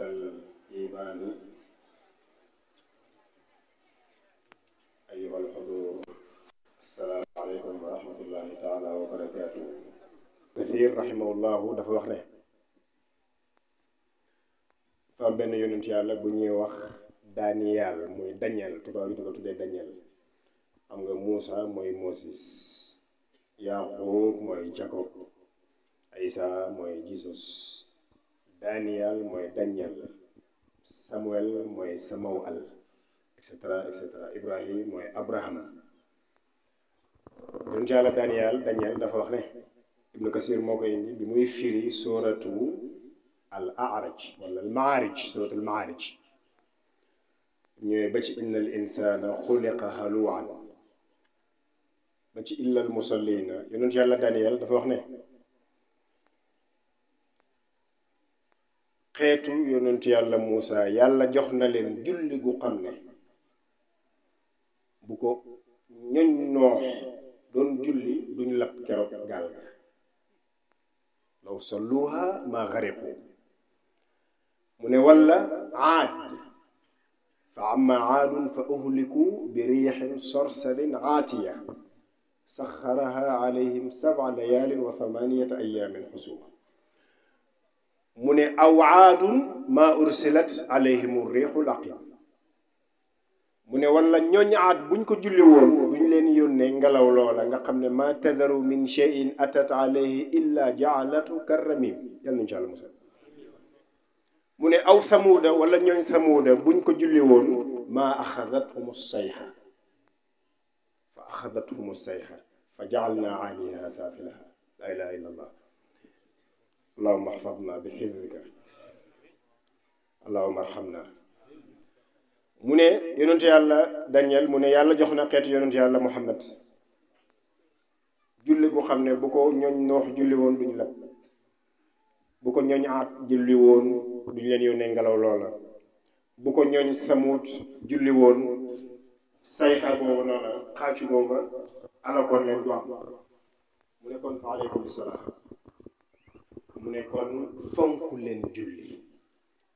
الإيمان أيها الحضور السلام عليكم ورحمة الله تعالى وبركاته كثير رحمه الله دفع وخنا فان بين يونيو تي الله بنيي واخ دانيال موي دانيال تبارك دغ تودي دانيال امغا موسى موي موسيس يعقوب موي جاكوب عيسى موي جيسوس Daniel mooy Daniel Samuel mooy Samuel et cetera et cetera Ibrahim mooy Abraham yonent Yàlla Daniel Daniel dafa wax ne Ibn Kassir moo koy indi bi muy firi suratu al araj wala al maarij suratu al maarij ñëwee ba ci inna al insana xuliqa haluan ba ci illa al musallina yonent Yàlla Daniel dafa wax ne xeetu yonent yàlla Moussa yàlla jox na leen julli gu xam ne bu ko ñoñ noox doon julli duñ lapp keroog gaal ga law salluha ma xariqu mu ne walla aad fa amma aadun fa uhliku bi riixin sorsarin aatiya saxaraha alayhim sab'a layaalin wa thamaniyata ayaamin xusuma من أوعاد ما أرسلت عليهم الريح الأقيم من ولا نيون عاد بن كجليون بن لين يون نعلا ولا ولا ما تذرو من شيء أتت عليه إلا جعلته كرميم يلا إن شاء الله مسلم من أو ثمودة ولا نيون ثمودة بن كجليون ما أخذتهم الصيحة فأخذتهم الصيحة فجعلنا عليها سافلها لا إله إلا الله allahuma axfadna bi xifdika allahuma arxamna mu ne yonent yàlla Daniel mu ne yàlla jox na xeet yonent yàlla Muhammad julli gu xam ne bu ko ñooñ noox julli woon duñ lab bu ko ñooñ aat julli ngelaw loola bu ko ñooñ samuut julli woon sayxa boobu noona xaacu boobu alakoon leen du am mu ne kon fa aleykum bisalaam mu ne kon fonk leen julli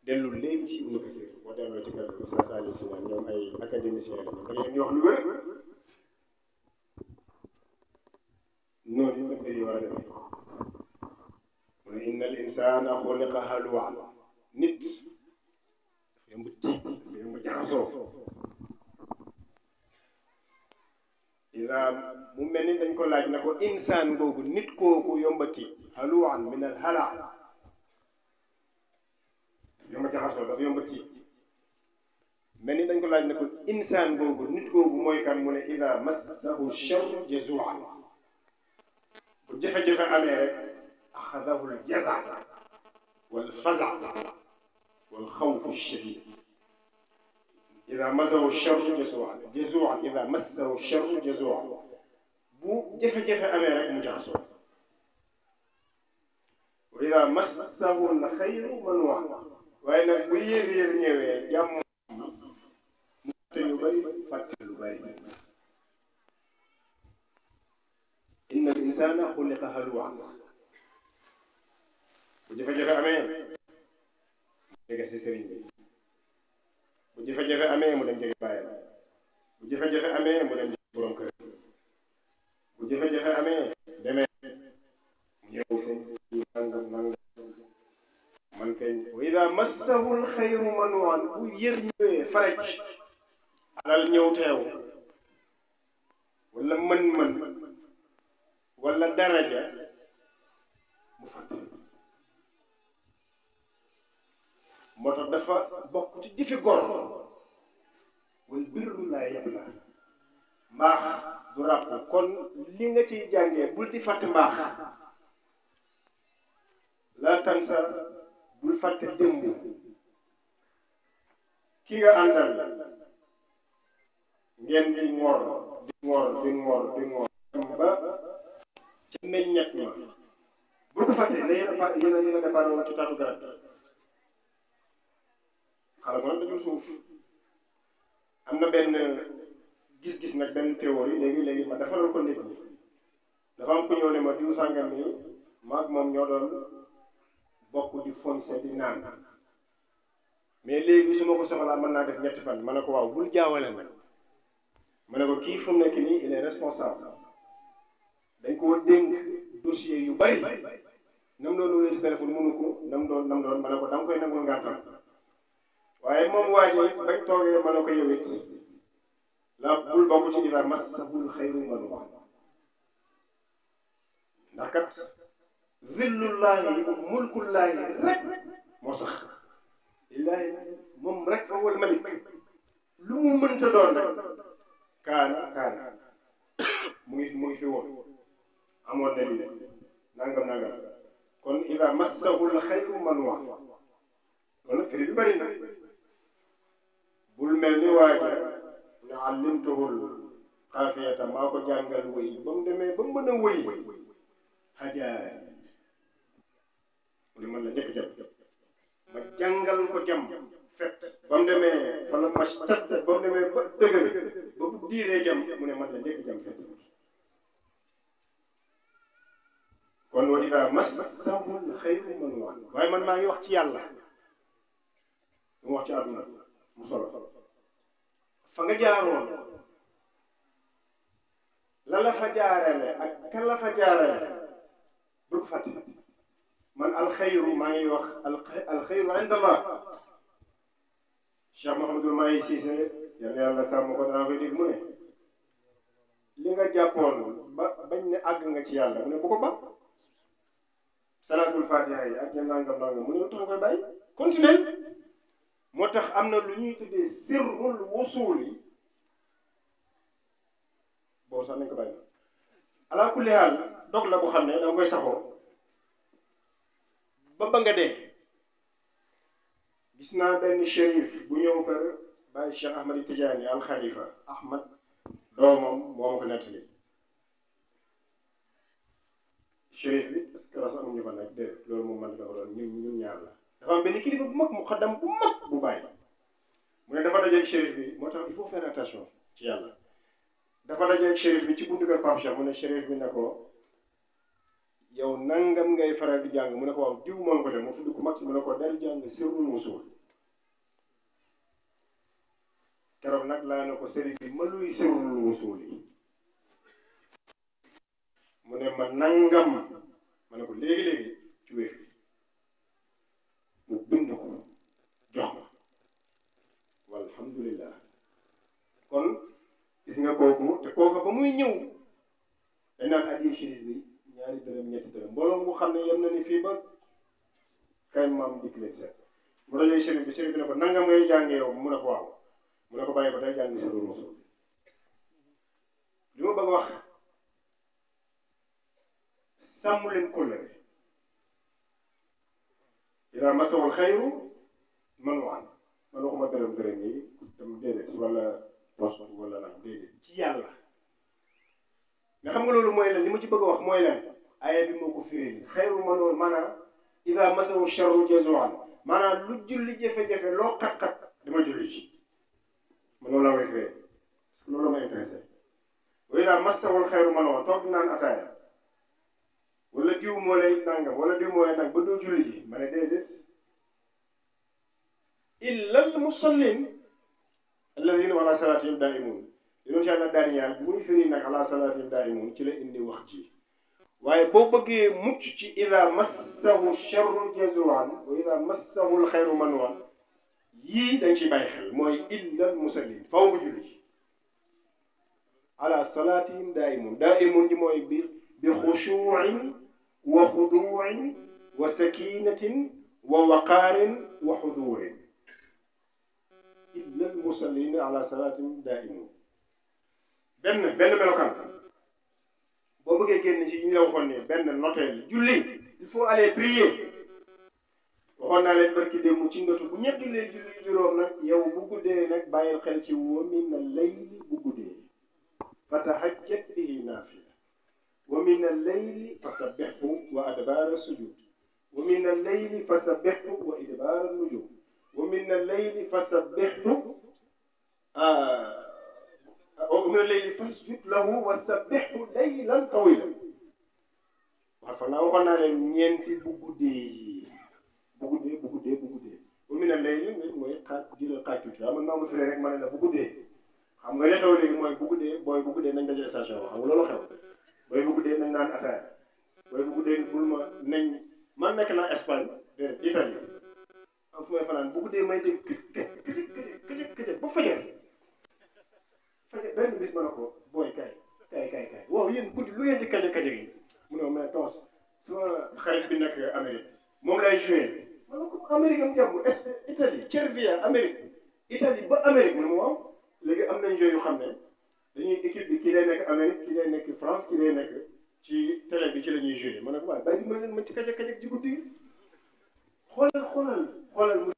dellu léegi ci Ibnu Kathir boo delloo ci kër Oustaz Saliou Sy ñoom ay académicien la da ngeen ñu wax lu wér noonu la mbir mu ne inna al insana xuliqa haluwan nit dafa yëmb tiit dafa yëmb jaxasoo ila mu mel ni dañ ko laaj na ko insaan googu nit kooku yombati هلوعا من الهلع يوم تخشى بس يوم بتي من إذا نقول لك إنسان بوجو نتقو بموي كان من إذا مسه الشر جزوعا وجف جف أمير أخذه الجزع والفزع والخوف الشديد إذا مسه الشر جزوعا جزوعا إذا مسه الشر جزوعا بو جف أمير مجاسو massahul xayru man wax waaye nag bu yéer yéer ñëwee jàmm mu te yu bari fàtte lu bari inna al insana xuliqa halwa bu jafe-jafe amee jege si amee mu dem jege bàyyam bu jafe-jafe amee mu dem jege borom kër bu jafe-jafe amee demee mu ñëw seen nangam nangam kay wa ida massahu alxayru manuan bu yër ñëwee faraj alal ñëw teew wala mën-mën wala daraja mu fàtte moo tax dafa bokk ci jëfi gor wal birru laa yabla mbaax du ràpp kon li nga ciy jàngee bul di fàtte mbaax laa tansa bul fàtte démb ki nga àndal ngeen di ngor di ngor di ngor di ngor ba ci meññet ma bul ko fàtte ne yéen a yéen a yéen a départ garab xaaral ma dajul suuf am na benn gis-gis nag benn théorie léegi léegi ma defaral ko nit ñi dafa am ku ñëw ne ma diw sàngam nii maag moom ñoo doon bokk di fonse di naan mais léegi su ma ko soxlaa mën naa def ñetti fan ma ne ko waaw bul jaawale nag ma ne ko kii fu mu nekk nii il est responsable dañ koo dénk dossier yu bari nam doon wéeru téléphone mënu ko nam doon nam doon ma ne ko da nga koy nangul ngàntam waaye moom waa ji bañ toogee ma ne ko yow it la bul bokk ci diba mas sa bul xëyru man wax ndax kat ظل الله ملك الله رك مصخ الله مم رك فهو الملك لم من تدون كان كان موي موي في وون امون دليل نانغام نانغام كون اذا مسه الخير منوع كون فري بارينا بول ملني واجا نعلمته القافيه ماكو جانغال وي بام ديمي بام بنا وي حاجه mu ne man la njëkk jam ma jàngal ko jam fet ba mu demee wala ma tat ba mu demee ba dëgër ba bu diiree jam mu ne man la njëkk jam fet kon wa ida massahul xayru manuwaan waaye man maa ngi wax ci yàlla mu wax ci àdduna mu solo fa nga jaaroon la la fa jaarale ak kan la fa jaarale bul fàtte من الخير ما يوخ الخير عند الله الشيخ محمد المايسي يعني الله سامو كنا في ديك مني لينا جابون بني أغنى تيالا مني بكو با صلاة الفاتحة يا أكيد نانغ نانغ مني وتم كوي باي كونتينل متخ أمن لني تدي سر الوصول بوسانك باي على كل حال دوك لا بخانة لا بقول ba ba nga dee gis naa benn shérif bu ñëw kër bàyyi Cheikh Ahmad Tidiane al Khalifa Ahmad doomam moom ko nettali shérif bi est-ce que rasa am ñu fa nag déet loolu moom man ñaar la dafa am benn kilifa bu mag mu xaddam bu mag bu bàyyi mu ne dafa dajeeg shérif bi moo tax il faut faire attention ci yàlla dafa dajeeg shérif bi ci buntu kër Pape Cheikh mu ne shérif bi ne ko yow nangam ngay faral di jàng mu ne ko waaw diw moom ko de mu tudd ko mag mu ne ko del jàng sirrul wusul keroog nag laa ne ko sëriñ ma luy sirrul wusul yi mu ne ma nangam ma ne ko léegi-léegi ci wéef mu bind ko jox ma walhamdulillah kon gis nga kooku te kooku ba muy ñëw dañ naan addi shiris bi ñaari dërëm ñetti dërëm mbooloo mu xam ne yem na ni fii ba kay maam dikk leen seet mu dajee sëriñ bi sëriñ bi ne ko nangam ngay jàngee yow mu ne ko waaw mu ne ko bàyyi ba tey jàngi si doon mosul li ma bëgg wax sàmm leen kóllëre ila masawul xayru man waan man waxuma dërëm dërëm yi tam déedéet wala poste wala nag déedéet ci yàlla nga xam nga loolu mooy lan li ma ci bëgg wax mooy lan aya bi moko ko firil xayru manoon mana ida masahu sharru jazwan mana lu julli jefe jefe lo khat khat dama julli ci man la way may lo la may intéressé wa ida masahul xayru manoon toog naan ataaya wala diw mo lay nangam wala diw mo lay nang ba do julli ci mané dede illa al musallin alladhina ala salatihim daimun yonent yàlla Daniel bu ñu firi nak ala salatihim daimun ci la indi wax ci waaye boo bëggee mucc ci ida massahu charru jazuwaan wa ida massahu alxayru manuwaan yii dañ ci bàyyi xel mooy illal musallin faw mu julli ci ala salaatihim daaimun daaimun ji mooy bi bi xushuuin wa xuduuin wa sakinatin wa waqaarin wa xuduurin illal musallin ala salaatihim daaimun benn benn melokaan boo bëggee génn ci ñu la waxoon ne benn noteel julli il faut aller prier waxoon naa leen barki démb ci ngatu bu ñëpp jullee julli juróom nag yow bu guddee nag bàyyil xel ci wa min al-layli bu guddee fa tahajjat bihi naafila wa min al-layli fasabbihhu wa adbaara sujud wa min al-layli fasabbihhu wa idbaara nujum wa min al-layli fasabbihhu ومن الليل فاسجد له وسبحه ليلا طويلا waaw fan laa waxoon naa leen ñeenti bu guddee yi bu guddee bu guddee bu guddee bu mu ne léegi nga mooy xaaj jëlal xaaj tuuti waaw man maa ngi rek ma ne la bu guddee xam nga li xew léegi bu guddee booy bu guddee nañ dajee station xam nga loolu xew booy bu nañ naan ataaya booy bu bul ma nañ man nekk naa Espagne Italie am fu may fanaan bu guddee may dégg këcëg këcëg këcëg këcëg ba fajar fan benn bis ma ne ko booy kay kay kay kay waaw yéen guddi lu ngeen di kaje kaje gi mu ne mais toos sama xarit bi nekk Amérique moom lay joué ma ne ko Amérique am jàmm Italie Cervia Amérique Italie ba léegi am nañ jeu yu xam ne dañuy équipe bi kii lay nekk Amérique kii lay nekk France kii lay nekk ci télé bi ci la ñuy joué ma ne ko waaw bàyyi ma leen ma ci kaje kaje ci guddi xoolal xoolal xoolal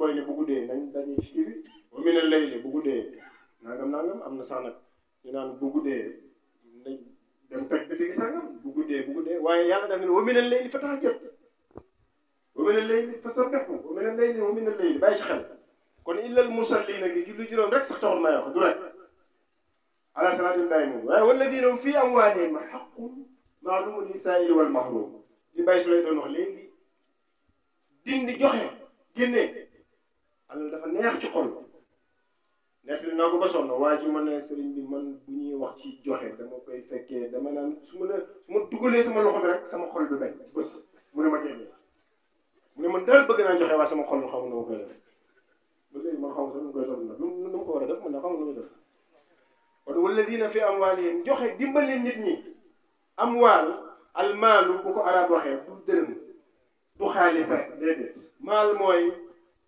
koy ne bu guddee nañ daje ci kii bi wa min al-layli bu guddee nangam nangam am na sax nag ñu naan bu guddee nañ dem toj bi tigi sangam bu guddee bu guddee waaye yàlla daf ne wa min al-layli fatahajjad wa min al-layli fasabbihhu wa min al-layli wa min al-layli bàyyi ci xel kon illal musallina gi julli juróom rek sax taxul may wax du rek ala salaatin daa'imin waaye walladina hum fii amwaalihim haqqun ma'luumun lis-saa'ili wal mahruum li bàyyi su lay doon wax léegi dindi joxe génne alal dafa neex ci xol nettali naa ko ba sonn waa ji ma ne sëriñ bi man bu ñuy wax ci joxe dama koy fekkee dama naan su ma ne su ma dugalee sama loxo bi rek sama xol bi bañ bës mu ne ma génn mu ne man daal bëgg naa joxe waaye sama xol bi xamu ma man xamu sax nu koy toll nag lu ma ko war a def man na xamu na ma def kon walladina fi amwaalihim joxe dimbali nit ñi amwaal almaalu bu ko arab waxee du dërëm du xaalis rek déedéet maal mooy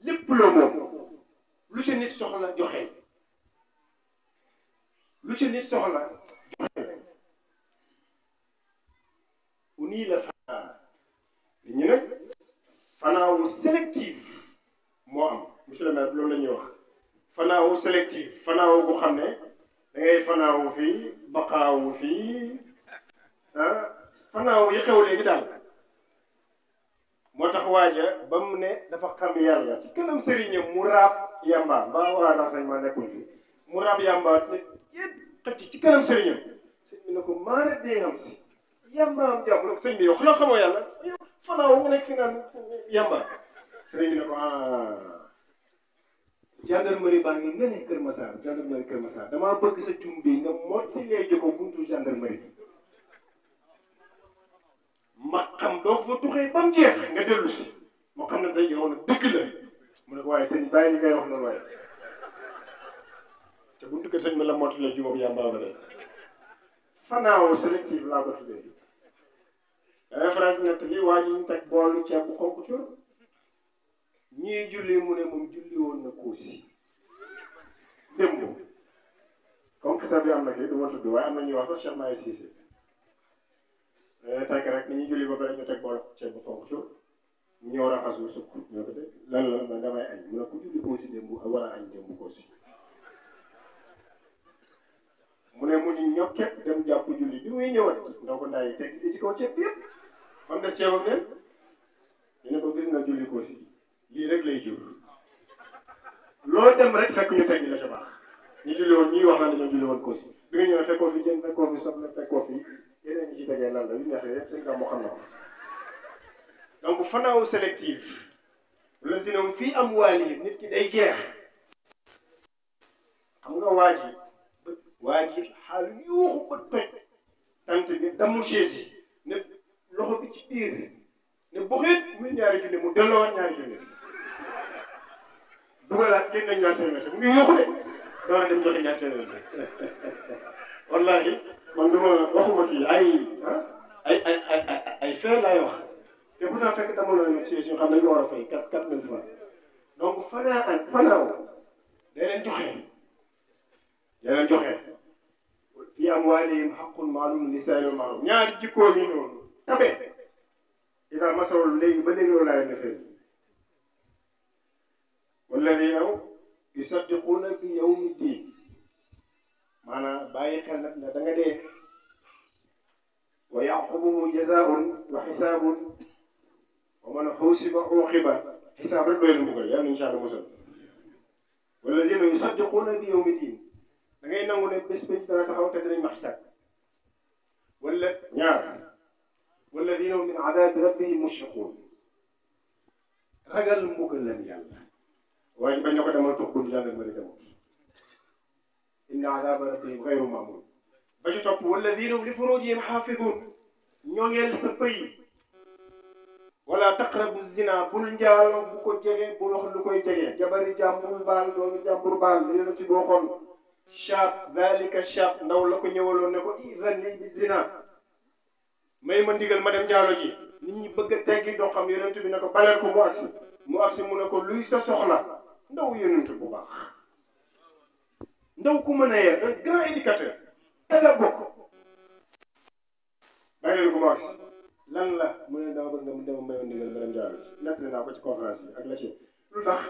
lépp le moom lu ci nit soxla joxe lu ci nit soxla joxe la fanaa li ñu sélectif am monsieur le maire loolu la ñuy wax sélectif Fana bu xam ne da ngay fii fii ah yi motax waja bam ne dafa xam yalla ci kanam serigne mu yamba bawa waa renseignement nekkul fi mu yamba ci yéen xëcc ci kanam serigne serigne bi ma de xam yamba am jàmm nag serigne bi yow xanaa yalla yàlla fanaaw nga fi nan yamba serigne bi ne ko ah gendarmerie baa ngi nga ne Kër Massar gendarmerie Kër massa dama bëgg sa jum nga motti buntu gendarmerie ma xam doo fa tuxee ba mu jeex nga dellu moo xam ne tey yow nag dëgg la mu ne ko waaye sëñ bàyyi li ngay wax noonu waaye te buntu kër sëñ bi la motu la jubam yàlla ba de fanaaw sélective laa ko tuddee référence nett li waa ñu teg boolu ceeb bu xonk cor ñii julli mu ne moom julli woon na kuusi démb comme que bi am na kii du tudd waaye am na ñuy wax sax Cheikh Maye dañuy eh, takk rek dañuy julli ba pare ñu teg bool ceeb bu ponk ci ñu ñëw raxasul sukk ñoo ko de lan la man damay añ mu ne ku julli koo si démb wala añ démb koo si mu ne mu ni ñoom képp dem jàpp julli bi muy ñëwaat ndaw ko ndaay teg li ci ceeb bi yëpp am des ceebam leen ñu ne ko gis na julli koo si lii rek lay jur loo dem rek fekk ñu teg ñu la ca baax ñu julli wax na dañoo julli woon koo si bi nga ñëwee fekkoo fi jën fekkoo fi soble fekkoo fi yeneen ñi ci tegee lan la yu neex yëpp sëñ Gàmmu xam na ko donc fanaaw sélective la si noom fii am waali nit ki day jeex xam nga waa ji waa ji xaal yuuxu ba toj tant bi damu chaise yi ne loxo bi ci biir ne buxit muy ñaari junne mu delloo ñaari junne dugalaat génn ñaar téeméer mu ngi yuuxu de doora dem joxe ñaar téeméer wallahi man dama waxuma fii ay ay ay ay te bu fekk dama la ci suñu xam ne dañu war a fay quatre quatre mille francs donc fanaa ak fanaaw day leen joxe day leen joxe fii amwaalihim haqqun ma'luumun lis-saa'ili wal-mahruum ñaari jikkoo yi noonu tabe idaa masaw léegi ba léegi loolu laa leen defee walladiina yusaddiquuna bi yawmi mana bayi kan na daga de wa yaqubuhu jazaa'un wa hisaabun wa man husiba uqiba حساب الدوير المغل يا من شعب مصر والذين يصدقون بيوم الدين لغاية نقول بس بيت ترى تحاول تدري محسك ولا نعم والذين من عذاب ربي مشفقون رجل مغل يا الله وإن بنيك دم تقول جانب مريض مصر إن عذاب ربهم غير مأمون فجتوب والذين هم لفروجهم حافظون نيوني السبي ولا تقربوا الزنا بول نجالو بوكو جيغي بول وخلو كوي جيغي جبر جامبول بال دومي جامبول بال ليلو تي بوخون شاب ذلك الشاب ناو لاكو نيوولو نكو اذن لي بالزنا ماي ما ديغال ما ديم جالو جي نيت ني بيغ تيغي دوخام يونتو بي نكو بالال كو مو اكسي مو اكسي مو نكو لوي سو سوخنا ndaw yonent bu baax ndaw ku mën a yee un grand éducateur pédagogue bàyyi leen ko ma wax lan la mu ne dama bëgg nga mu dema mayoon ndigal beneen jaaro bi nettali ko ci conférence bi ak la ci lu tax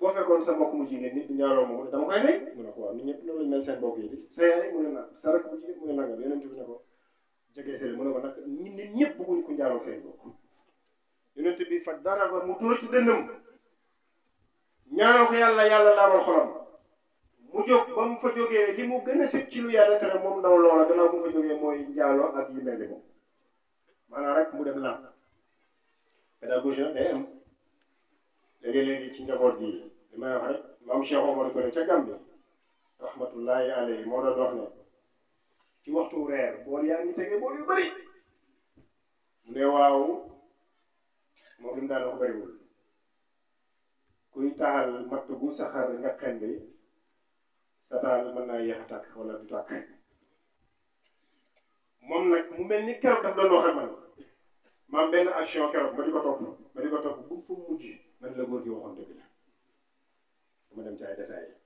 boo fekkoon mu jigéen nit di njaaloo moom mu ko waaw ñëpp noonu lañ mel seen mbokk yi di sa yaay mu ne na sa rakk bu jigéen mu ne nangam yonent bi ne ko jege seen mu ne ko nag ñi ñëpp bëgguñ ko njaaloo seen mbokk yonent bi fa dara ba mu dóor ci dënnam ñaanoo ko yàlla yàlla laabal xolam mu ba mu fa jógee mu gën a sëb ci lu yàlla tere moom ndaw loola gannaaw mu fa jógee mooy njaaloo ak yu mel ni moom maanaam rek mu dem lan pédagogie nag day am léegi-léegi ci njaboot gi li may wax rek maam Cheikh Omar Kone rahmatullahi alayhi moo doon wax ne ci waxtu reer bool yaa ngi tege bool yu bëri mu ne waaw moom li mu daan wax bëriwul kuy taal matt nga xen sataan mën naa yéex a tàkk wala du tàkk moom nag mu mel ni keroog daf doon wax ak man maam benn action keroog ma di ko topp ma di ko topp bu fu mujj man la góor gi waxoon dëgg la dama dem ci ay détails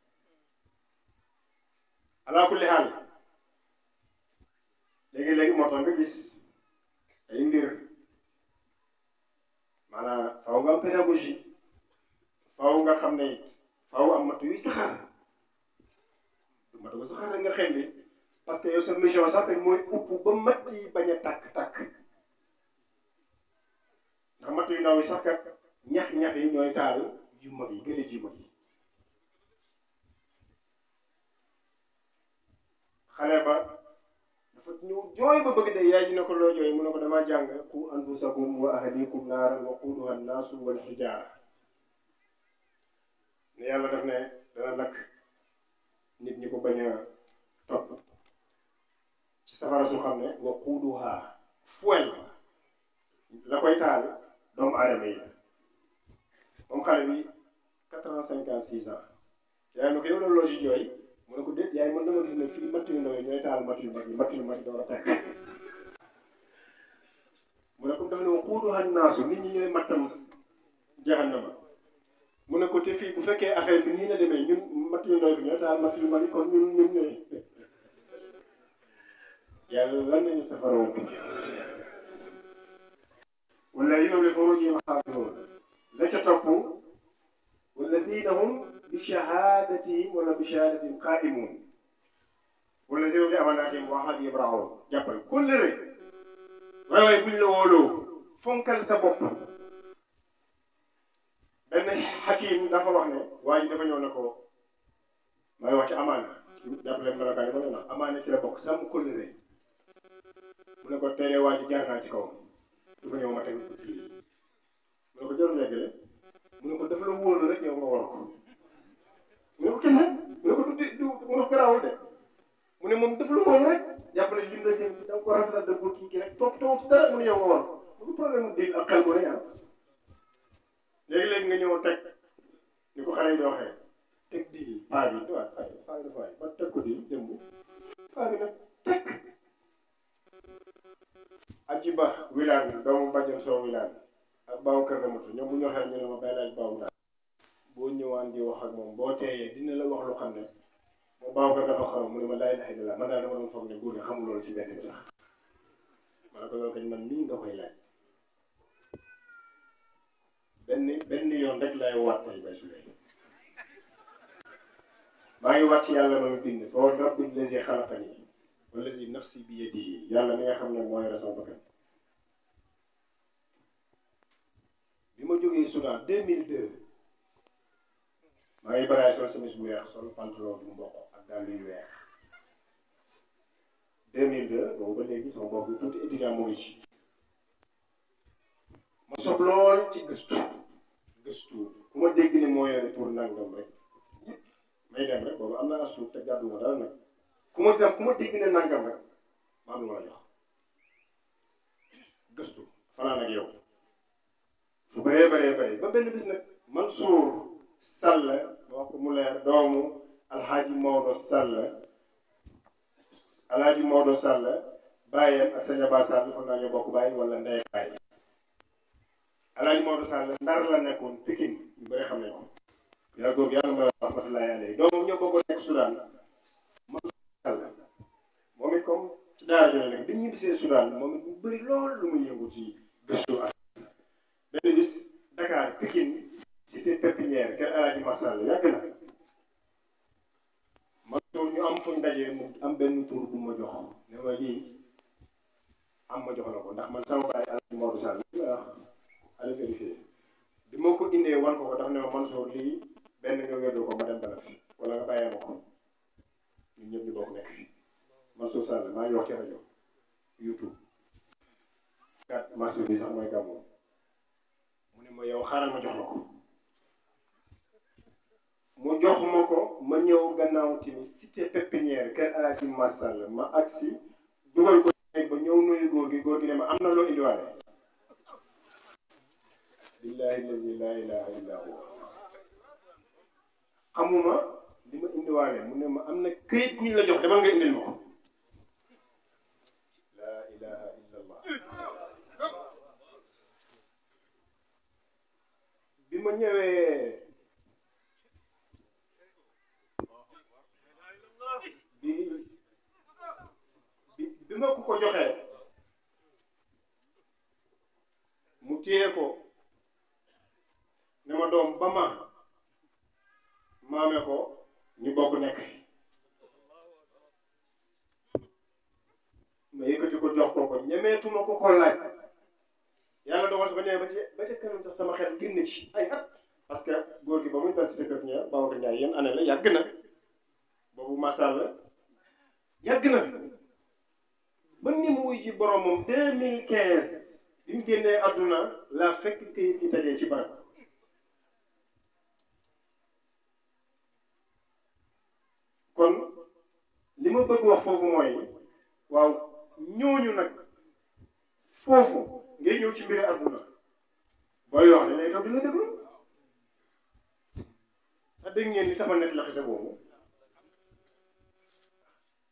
ala kulli xaal léegi-léegi moo tax nga gis ay mbir maanaam faaw nga am pédagogie nga xam ne it am matu yuy saxaar ma da ko sax rek nga xel ni parce que yow sa mission sax mooy upp ba matt yi bañ a tàkk-tàkk ndax matt yu ndaw yi sax kat ñax-ñax yi ñooy taaru yu mag yi gën a ji mag yi xale jooy ba bëgg ko loo jooy mu ne ko damaa jàng ku anfusakum wa ahlikum naaran waquuduha annaasu wal ne yàlla daf ne dana lakk nit ñi ko bañ a topp ci safara su xam ne wa quuduha fuel la koy taal doomu aadama yi moom xale bi quatre vingt cinq ans six yaay na ko yow la logi yooyu mu ne ko déet yaay mën na ma gis ne fii matt yu ndaw ñooy taal matt yu mag yi matt yu mag yi door a teg mu ne ko dafa ne wa quuduha naasu nit ñi mune ko te fi bu fekke affaire bi ni la demé ñun matt ndoy bi ñoo taal matt yu bari kon ñun ñun ñoy yàlla lan nañu safara woon wala yi noom le faruñuy xaafiroon la ca wala wala bi bi shahadati shahadati qaimun wala yino le بشهادتهم قائمون والذين هم بأماناتهم وعهدهم يبرعون way way buñ la wolo fonkal sa bop benn xakim dafa wax ne waaye dafa ñëw ko may wax ci amaana jàppale melokaan yi ba amaana ci la bokk sàmm kóllëre mu ne ko teelee waa ji jaar naa ci kawam dafa ñëw ma teg ko kii mu ne ko jarul yeggale ko dafa la wóolu rek yow nga war ko mu ne ko ko du du mu ne ko garaawul de mu ne moom dafa la moom rek jàpp ne lim la jëm da nga ko rafetal da nga ko ko du problème mu dégg ak xel léegi-léegi nga ñëw teg ni ko xale yi di waxee teg diil paa bi waaw paa bi dafa waay ba teg ko diil teg ak jiba ba wilaan bi doomu bàjjan soo wilaan ak baaw kër damatu ñoom bu ñu waxee ñu ne boo ñëwaan di wax ak moom boo teeyee dina la wax lu xam ne moom baaw kër dafa xaw mu ne ma laay laxi di la man daal dama doon foog ne góor gi xamul ci benn bi sax ma ne ko loolu kañ man nii nga koy laaj yoon rek lay waat tey ba suba maa ngi waat ci yàlla ma bind foo rabbi lazi xalaqani wallazi nafsi bi yadihi yàlla mi nga xam ne mooy raison bakkan bi ma jógee Soudan 2002 maa ngi baraay sol chemise bu weex sol pantalon bu mboq ak daal yu weex 2002 boobu ba léegi sama bopp bi tuuti étudiant mu ngi ci ma sob ci gëstu gëstu ku ma dégg ni moo yore pour nangam rek may dem rek boobu am naa as te gàddu ma dara nag ku ma dem ku ma dégg ne nangam rek maa ngi jox gëstu fanaan ak yow fu bëree bëree bëri ba benn bis nag Mansour Sall wax ko mu leer doomu Alhaji Maodo Sall Alhaji Maodo Sall bàyyam ak sa jabar Sall dafa naa ñoo bokk bàyyi wala ndey bàyyi Alaaji Maodo Sall ndar la nekkoon Pikine ñu bëri xam nañ ko yàlla googu yàlla mooy wax rahmatullahi alayhi doomam ñoo bokk nekk Soudan moom Sall moom it comme ci daara jooju nag bi ñu bisee Soudan moom it mu bëri lool lu muy yëngu ci gëstu as benn bis Dakar Pikine cité pépinière kër Alaaji Maodo Sall yàgg na ma ñu am fuñ dajee mu am benn tur bu ma jox ne ma lii am ma jox la ko ndax man sama baay Sall ana vérifié bi ma ko indee ko ko daf ne ma Mansour lii benn nga wéddu ko ma dem bala fi nga bàyyee ma ko ñun ñëpp ñu bokk nekk fi Mansour Sall maa ngi wax ci rajo bi sax mu ne ma yow xaaral ma jox la ma ko ma ñëw gannaaw tamit cité pépinière kër Alaaji Massall ma agsi dugal ko ba ñëw nuyu góor gi góor gi ne ma am na loo indiwaale billahi lazi laa ilaha illa amuma li ma indiwaale mu ne ma am na këyit guñ la jox demal nga indil ma laa ilaha illa bi ma ñëwee bi bi ma ko ko joxee ko ne ma doom ba ma maame ko ñu bokk nekk fi ma yëkkati ko jox ko ko ñemeetuma ko ko laaj yàlla dogal si ba nee ba ca kanam sax sama xel génn ci ay at parce que góor gi ba muy dal si dëkk ñaar Babacar Ndiaye yéen année la yàgg na boobu masal la yàgg na ba ni mu wuy ji boromam deux mille quinze génnee àdduna la fekk këyit yi tajee ci barab ma bëgg wax foofu mooy waaw ñooñu nag foofu ngay ñëw ci mbiri àdduna booy wax dañ lay toog di la déglu a ah, ngeen li tama nekk la xise boobu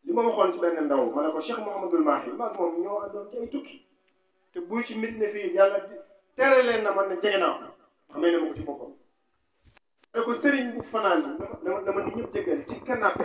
li ma waxoon ci benn ndaw ma ne ko Cheikh Mouhamadul Mahi maag moom ñoo àndoon ci ay tukki te buy ci nit ne fii yàlla tere leen na man ne jege naa ko xamee ne ma ko ci boppam. ne ko sëriñ bu fanaan dama dama ni ñëpp jégal ci canapé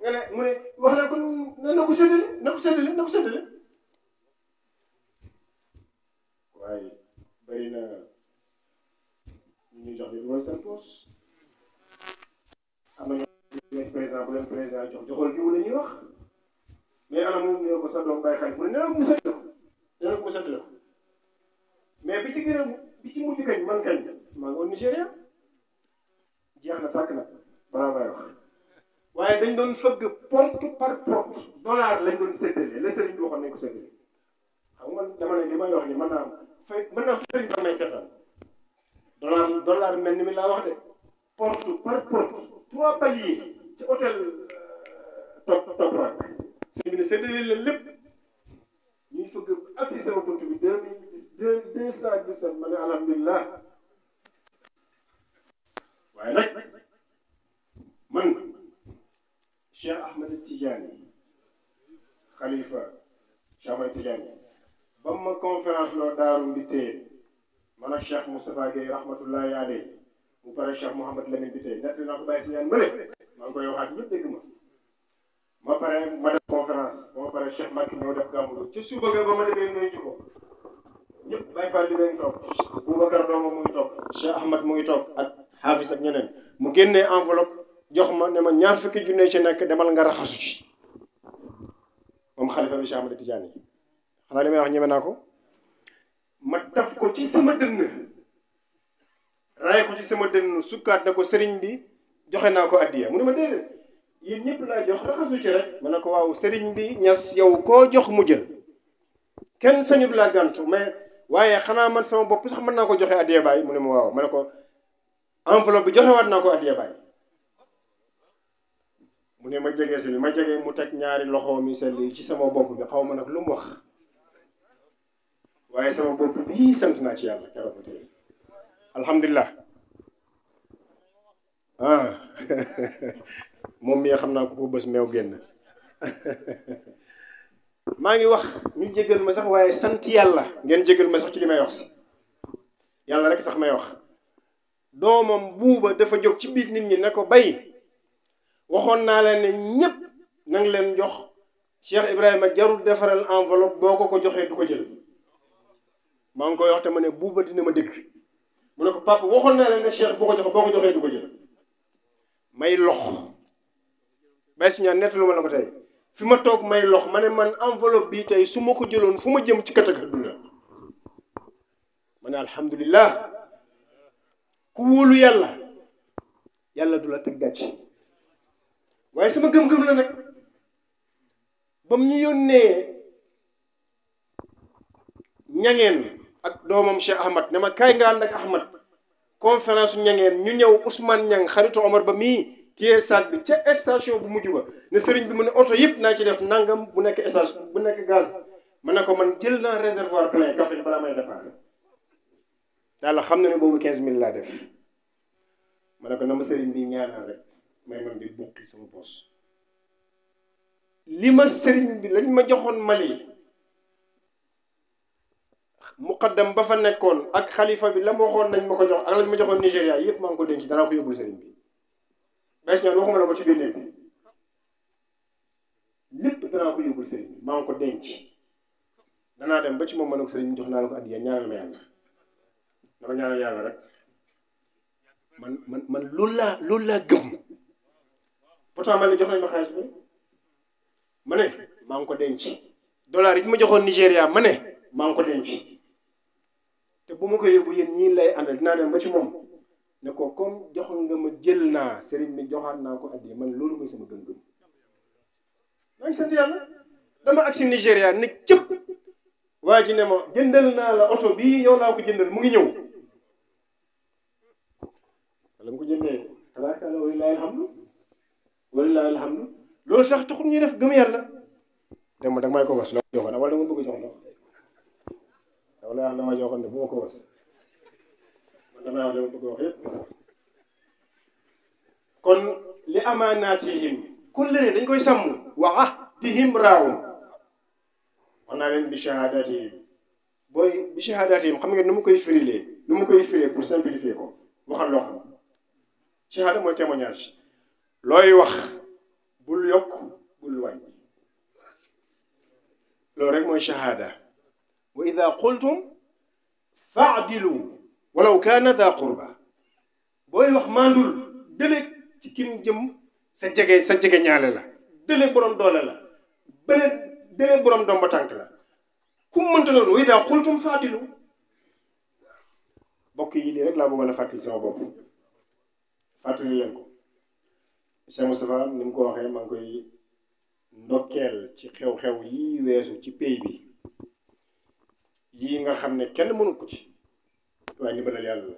nga ne mu ne wax na ko na ko séddale na ko séddale na ko séddale waaye bëri na ñu ñuy jox di dugal seen poos na président bu leen président jox joxol jiw la ñuy wax mais ana moom ñu ko sa doom bàyyi xarit mu ne nee mu séddale ko bi ci gën a bi ci mujj kañ man kañ maa ngi woon Nigéria jeex na tàkk na balaa wax waaye dañ doon fëgg porte par porte dollar lañ doon séddale la sëriñ bi waxoon nañ ko séddale xam nga dama ne li may wax ni mën naa am fay mën naa am sëriñ bi may seetaan dollar dollar mel ni mi laa wax de porte par porte trois paliers ci hôtel euh, top top rank sëriñ bi ne séddale leen lépp ñuy fëgg ak si sama bunt bi deux mille dix deux deux cent dix-sept ma ne alhamdulilah waaye nag man الشيخ أحمد التجاني خليفة شامل التجاني بما كونفرنس لو دارو مبيتي من الشيخ مصطفى جاي رحمة الله عليه وبرا الشيخ محمد لمين بيتي نتلي ناكو باي سيان ملي مانكو يوحات نيب ديغ ما ما برا ما ديف كونفرنس ما برا الشيخ مكي نيو ديف غامو تي سوبا غا بما ديبي نوي جيكو ñëpp bay fall di leen toog Boubacar Dooma mu ngi toog Cheikh Ahmad mu ngi toog ak Hafiz ak ñeneen mu génnee enveloppe jox ma ne ma ñaar fukki junne ci nekk demal nga raxasu ci moom xalifa bi Cheikh Ahmad Tidiane yi xanaa li may wax ñeme naa ko ma taf ko ci sama dënn raay ko ci sama dënn sukkaat na ko sëriñ bi joxe naa ko addiya mu ne ma déedéet yéen ñëpp laa jox raxasu ci rek ma ne ko waaw sëriñ bi ñas yow koo jox mu jël kenn sañul laa gàntu mais waaye xanaa man sama bopp sax mën naa ko joxe addiya baay mu ne ma waaw ma ne ko enveloppe bi joxewaat naa ko addiya baay mu ne ma jege si ma jege mu teg ñaari loxo mi sell yi ci sama bopp bi xaw ma nag lu mu wax waaye sama bopp bii sant naa ci yàlla keroog ba tey alhamdulilah ah. moom mii xam naa ko ko bës meew génn maa ngi wax ñu jégal ma sax waaye sant yàlla ngeen jégal ma sax ci li may wax si yàlla rek tax may wax doomam buuba dafa jóg ci biir nit ñi ne ko bay waxoon naa leen ne ñépp nang leen jox Cheikh Ibrahima jarul defaral enveloppe boo ko ko joxee du ko jël maa ngi koy wax te ma ne buuba dina ma dégg mu ne ko papa waxoon naa leen ne Cheikh boo ko jox boo ko joxee du ko jël may lox bay si ñaan nettalu ma la ko tey fi ma toog may lox ma ne man enveloppe bii tey su ma ko jëloon fu ma jëm ci kët ak duna ma ne alhamdulilah ku wóolu yàlla yàlla du la teg gàcce waaye sama gëm-gëm la nag bam ñu yónnee ñangeen ak doomam Cheikh Ahmad ne ma kaay nga ànd ak Ahmad conférence ñangeen ñu ñëw Ousmane Niang xaritu Omar ba mii ci saag bi ca station bu mujj ba ne sëriñ bi mu ne oto yëpp naa ci def nangam bu nekk essence bu nekk gaz ma ne ko man jël naa réservoir plein café balaa may départ yàlla xam na ne boobu quinze 15000 laa def ma ne ko na ma sëriñ bi ñaanal rek. may man di bokki sama boss lima ma bi lañ ma joxoon Mali muqaddam ba fa nekkon ak khalifa bi lam waxon nañ mako jox ak lañ ma joxoon nigeria yépp ma ngi ko denc dara ko yobul serigne bi bes ñaan waxuma la ko ci bi lépp ko yobul serigne bi ngi ko denc dana dem ba ci mom ma ne ko sëriñ jox na la ko addiya ñaanal ma yalla dama ñaanal yalla rek man man man lula lula gëm pourtant man ne jox nañ ma xaalis bi ma ne maa ko denc dollar yi ma joxoon Nigéria ma ne maa ko denc te bu ma ko yóbbu yéen ñii lay àndal dinaa dem ba ci moom ne ko comme joxoon nga ma jël naa sëriñ mi joxaat naa ko addiya man loolu mooy sama gëm-gëm maa ngi yàlla dama agsi Nigéria ne cëpp waa ji ne ma jëndal naa la oto bii yow laa ko jëndal mu ngi ñëw wala mu ko jëndee tabaarkalla wa lillaahi alhamdu يقولون يقولون يقولون يقولون يقولون يقولون يقولون يقولون يقولون ولله يقولون لو شخص يقولون ينف جميرة يقولون دم ما يقولون أصلاً جوه يقولون ولا ممكن يقولون ولا أنا يقولون جوه عندي يقولون كوب أصلاً يقولون ولا ممكن يقولون كن لأماناتهم يقولون دينكوا يسمو يقولون راعون أنا يقولون بشهاداتهم boy يقولون xam nga يقولون koy firilé يقولون koy firé يقولون simplifier ko يقولون lo xam يقولون moy témoignage looy wax bul yokk bul wàññi loolu rek mooy shahada wa ida qultum fadilu walaw kana daa qurba booy wax mandul dële ci kim jëm sa jege sa jege ñaale la dële borom doole la bële dële borom domba tànk la ku mënta loolu wa ida qultum fadilu bokk yi lii rek laa bëggoon a fàttali sama bopp fàttali leen ko Cheikh Moustapha ni mu ko waxee maa ngi koy ndokkeel ci xew-xew yi weesu ci pay bi yii nga xam ne kenn mënul ko ci waaye ndimbalal yàlla la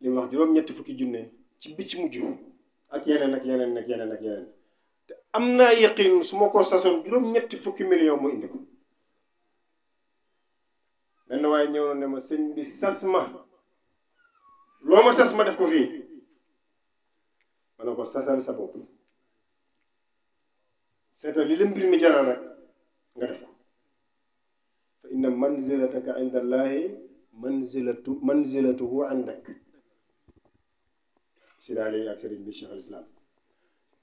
li mu wax juróom-ñetti fukki junne ci bi ci mujj ak yeneen ak yeneen ak yeneen ak yeneen te am naa yëqin su ma ko sasoon juróom-ñetti fukki million mu indi ko benn waaye ñëw ne ma sëñ bi sas ma loo ma sas ma def ko fii ma ne ko sasal sa bopp seetal li la mbir mi jaral rek nga def ko fa inna manzilataka inda allahi manzilatu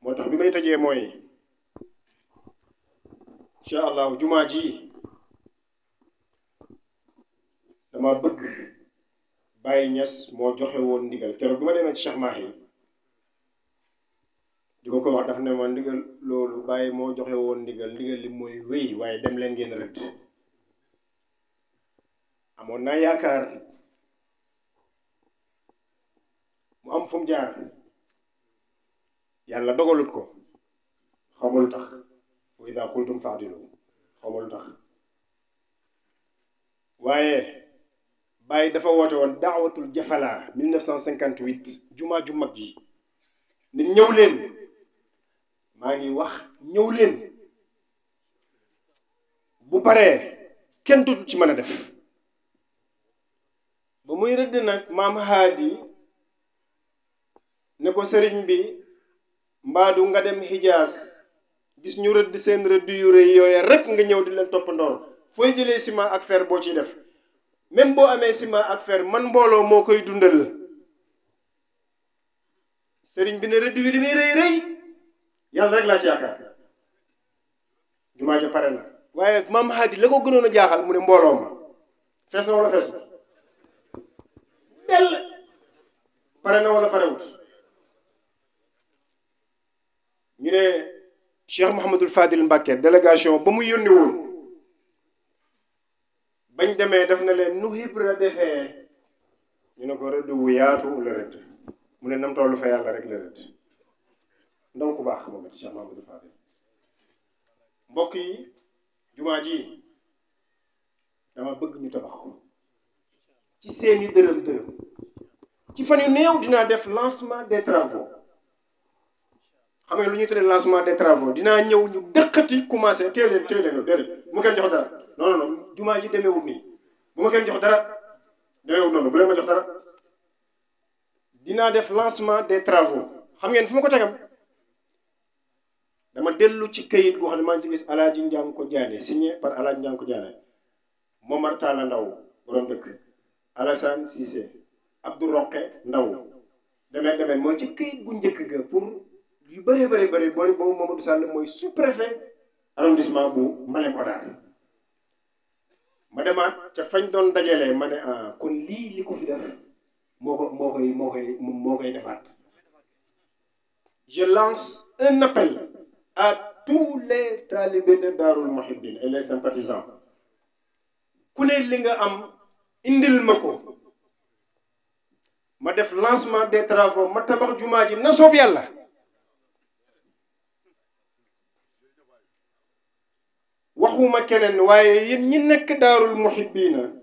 moo tax bi may tëjee mooy incha allah jumaa ji dama bëgg Baye Niass moo joxe woon ndigal keroog bi ma demee ci Cheikh Mahi di ko ko wax daf ne ma ndigal loolu bàyyi moo joxe woon ndigal ndigal li mooy wéy waaye dem leen ngeen rëdd amoon naa yaakaar mu am fu mu jaar yàlla dogalut ko xamul tax wa idaa qultum fa'dilu xamul tax waaye bàyyi dafa woote woon daawatul jafalaa 1958 jumaa ju mag ji nit ñëw maa ngi wax ñëw leen bu paree kenn dootu ci mën a def ba muy rëdd nag maam haadi ne ko sëriñ bi mbaadu nga dem Hijaas gis ñu rëdd seen rëdd yu rëy yooya rek nga ñëw di leen toppandoor fooy jëlee ciment ak fer boo ciy def même boo amee ciment ak fer man mbooloo moo koy dundal sëriñ bi ne rëdd wi li rëy rëy yàlla rek laa ci yaakaar jumaa ja pare na waaye maam Hadi la ko gënoon a jaaxal mu ne mbooloo ma fees na wala fees na dell ñu ne Cheikh Mouhamadul Fadil Mbacke ba mu yónni woon bañ demee def na leen nu hibra defee ñu ne ko rëdd wu yaatu la rëdd mu ne nam tollu fa yàlla rek la ndaw ku baax moom it Cheikh Mahamadou yi jumaa ji dama bëgg ñu tabax ko ci seeni dërëm dërëm ci fan yu néew dinaa def lancement des travaux xam nga lu ñuy tuddee lancement des travaux dinaa ñëw ñu dëkkati commencé teel leen teel leen déedéet bu ma kenn jox dara non non jumaa ji demeewul nii bu ma kenn jox dara demeewul noonu bu leen ma jox dara dinaa def lancement des travaux xam ngeen fu ma ko tegam dellu ci kayit go xamne ne ci gis alaaji ko Diané signé par alaaji ko Diané Momar tala Ndaw borom dekk Alassane Cissé Abdou Roqe Ndaw demé demé mo ci kayit bu njëkk ga pour yu bari bari bari boori boobu Mamadou Sall moy sous préfet arrondissement bu daal ma dama ca fañ doon dajalé mané ah kon lii li ko fi def moko moko moko moko defat je lance un appel à tous les talibés de Darul Mouhibine et les sympathisants Kune linga am indil mako. ko ma def lancement des travaux ma tabax jumaa ji na soob yàlla waxuma keneen waaye yéen ñi nekk Darou Mouhibine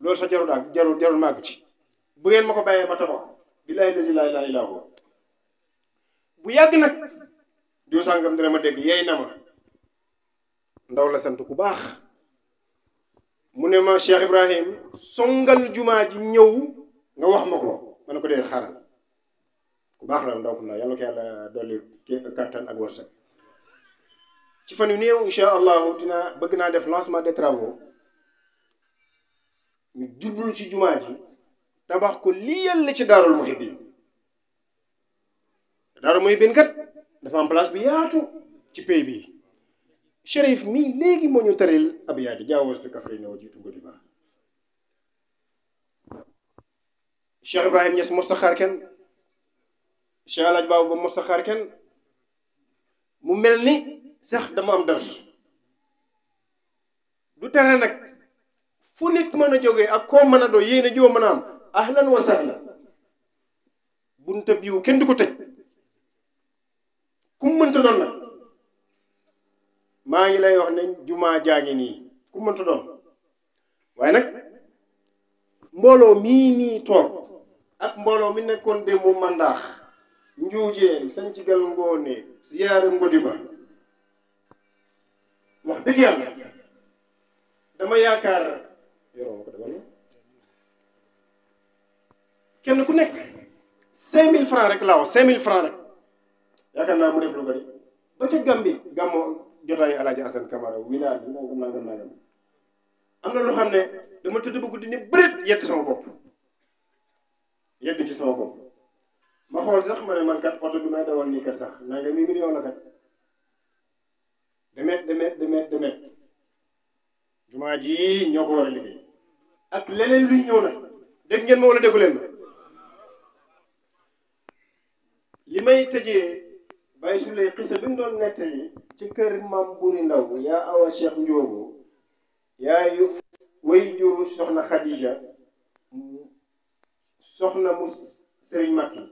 loolu sax jarul ak jarul jarul màgg ci bu ngeen ma ko bàyyee ma tabax billahi lazi la ilaha illa huwa bu yag nak diw sangam dina ma deg yey na ma ndaw la sant ku bax mune ma Cheikh Ibrahim songal juma ji ñew nga wax mako man ko deer xaaral ku bax la ndaw na yalla ko yalla doli ak ci insha allah dina bëgg na def lancement des travaux ñu jublu ci juma ji tabax ko ci darul muhibbin Daaru Muhibin kat dafa am place bu yaatu ci pay bi shérif mii léegi moo ñu taril abiyaati jaawastu Kaffrine wa jiitu Godiba Cheikh Ibrahim Niass mustaxaar kenn Cheikh Alaj Baabu ba mustaxaar kenn mu mel ni sax dama am dars du tere nag fu nit mën a jógee ak koo mën a doo yéene joo mën a am ahlan wa sahlan bunta biiw kenn du ko tëj ku mu mënta doon nag maa ngi lay wax ne jumaa jaa ngi nii ku mu mënta doon waaye nag mbooloo mii nii toog ak mbooloo mi nekkoon de mu mandaax njuujeen sañ ci gal ngoone ziyaare ngodi ba wax dëgg yàlla yaakaar yoroo kenn ku nekk cinq mille francs rek laa wax cinq mille francs rek yaakaar naa mu def lu bëri ba ca Gambie gàmmo jotaayu Alaaji Assane Camara wilaay bi am na loo xam ne dama tëdd ba guddi ni bërit yedd ci sama ma xool sax ma man kat oto bi may dawal nii kat sax naa jumaa ji ñoo ko war a liggéey ak leneen luy ñëw nag dégg ngeen ma wala déggu ma li may tëjee Baye Souleye xisa bi mu doon nettali ci kër maam Buri Ndaw yaa Awa Cheikh Ndiobo yaayu way juru soxna Khadija soxna mu Serigne Makki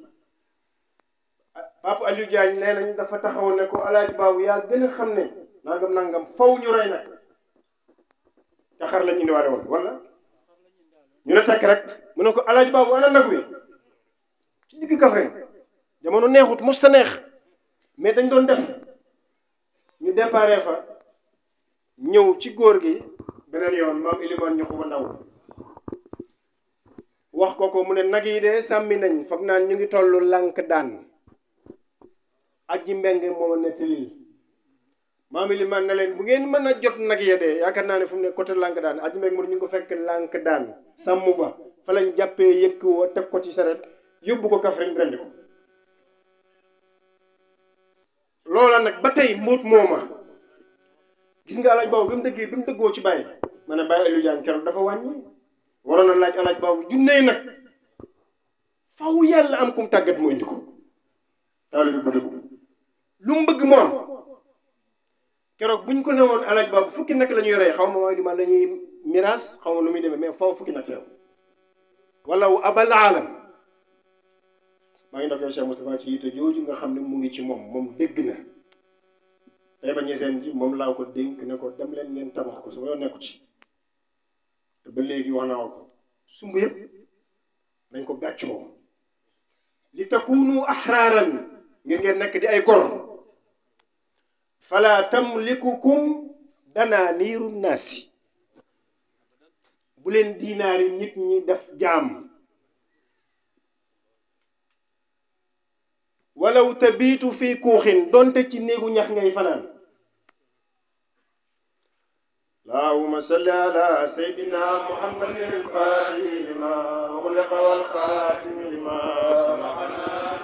Papa Aliou Diagne nee nañ dafa taxaw ne ko alaaji baabu yaa gën a xam ne nangam nangam faw ñu rey nag taxar la ñu indiwaale woon wala ñu ne tekk rek mu ne ko alaaji baabu ana nag wi ci digg Kaffrine jamono neexut mos ta neex mais dañ doon def ñu déparé fa ñëw ci góor gi beneen yoon maam Elimane ñu ko ndaw wax ko ko mu ne nag yi de sàmmi nañ foog naan ñu ngi tollu lànk daan ak ji mbeng moo nettali maam Elimane ne leen bu ngeen mën a jot nag ya de yaakaar naa ne fu mu ne côté lànk daan ak ji mbeng mu ne ñu ngi ko fekk lànk daan sàmm ba fa lañ jàppee yëkk woo teg ko ci saret yóbbu ko Kaffrine rendi ko loola nag ba tey mbóot mooma gis nga alaaj boobu bi mu dëggee bi mu dëggoo ci bàyyi ma ne bàyyi Aliou Diagne keroog dafa wàññi waroon na laaj alaaj boobu junnee nag faw yàlla am kum tàggat mu indi ko taalibi lu mu bëgg moom keroog buñ ko newoon alaaj boobu fukki nag lañuy ñuy rey xaw ma mooy di ma la ñuy miraas xaw ma nu muy demee mais faw fukki nag la wala wu maa ngi ndokkee Cheikh Moustapha ci yitte jooju nga xam ne mu ngi ci moom moom dégg na tey ba ñeseen ji moom laa ko dénk ne ko dem leen ngeen tabax ko su ma yoon nekku ci te ba léegi wax naa ko sumb yëpp nañ ko gàccoo li takunu axraaran ngir ngeen nekk di ay gor fala tamlikukum danaa niiru naasi bu leen diinaari nit ñi def jaam ولو تبيت في كوخين دونت تي نيغو نياخ غاي فنان اللهم صل على سيدنا محمد الفاتح لما اغلق والخاتم لما صلح الناس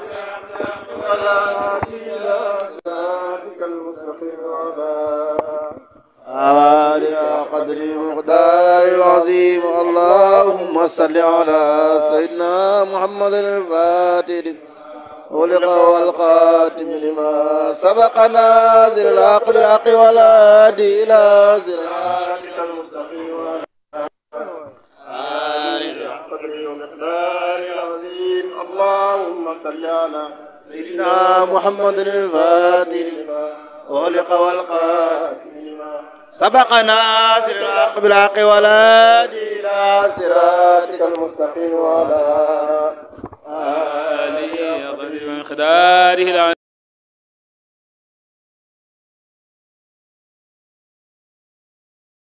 ولا هادي الا صلاتك قدر المقدار العظيم اللهم صل على سيدنا محمد الفاتح خلق والقاتم لما سبق نازل الحق بالحق والهادي إلى صراطك المستقيم اللهم صل على سيدنا محمد الفاتر خلق والقاتم سبق سبقنا سراق بالحق ولا لا صراطك المستقيم ولا آله يضرب بمقداره